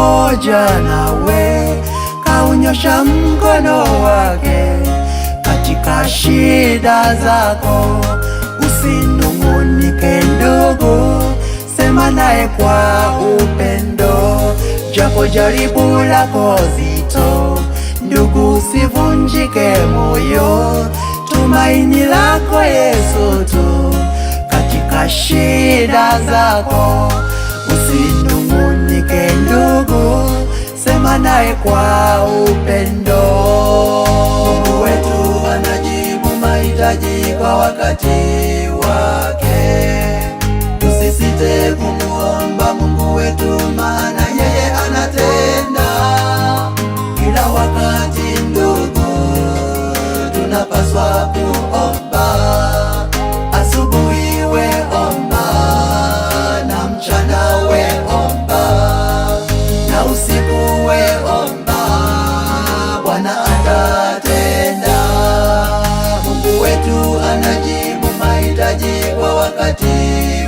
pamoja nawe, kaunyosha mkono wake katika shida zako. Usinung'unike ndugu, sema naye kwa upendo, japo jaribu lako zito. Ndugu, usivunjike moyo, tumaini lako Yesu tu katika shida zako usi apae kwa upendo. Mungu wetu anajibu mahitaji kwa wakati wake. Tusisite kumuomba Mungu wetu, maana yeye anatenda kila wakati. Ndugu, tunapaswa kuomba. 你。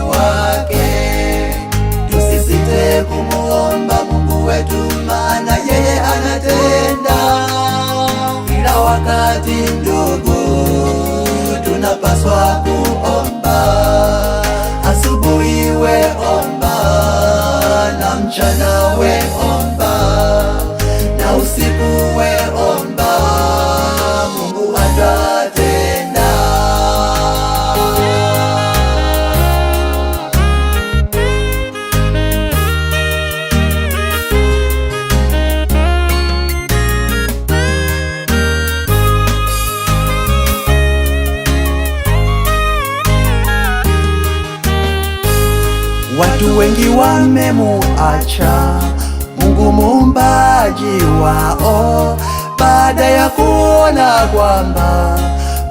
watu wengi wamemuacha Mungu muumbaji wao, baada ya kuona kwamba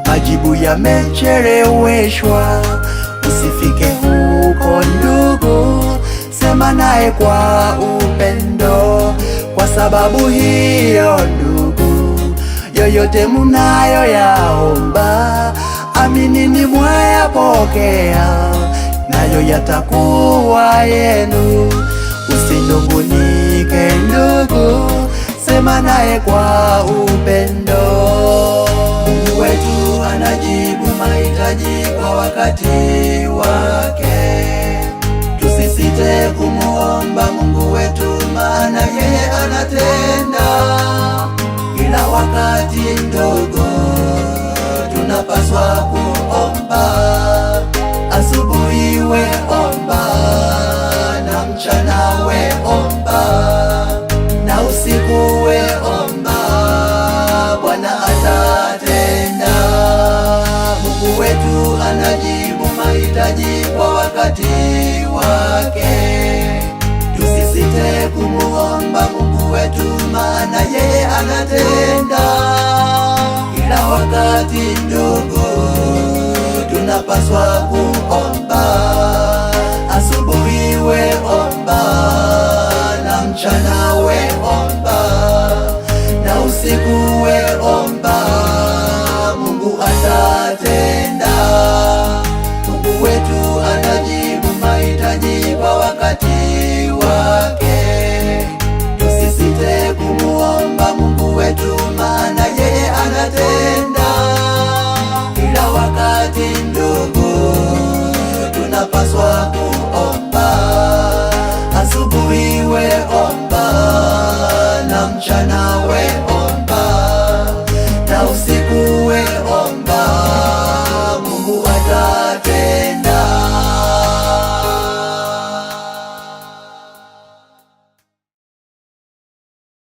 majibu yamecheleweshwa. Usifike huko ndugu, sema naye kwa upendo, kwa sababu hiyo ndugu, yoyote munayo yaomba, aminini mwayapokea nayo yatakuwa yenu. Usinungunike ndugu, sema naye kwa upendo. Mungu wetu anajibu mahitaji kwa wakati mchana we omba na usiku we omba, Bwana atatenda. Mungu wetu anajibu mahitaji kwa wakati wake, tusisite kumuomba.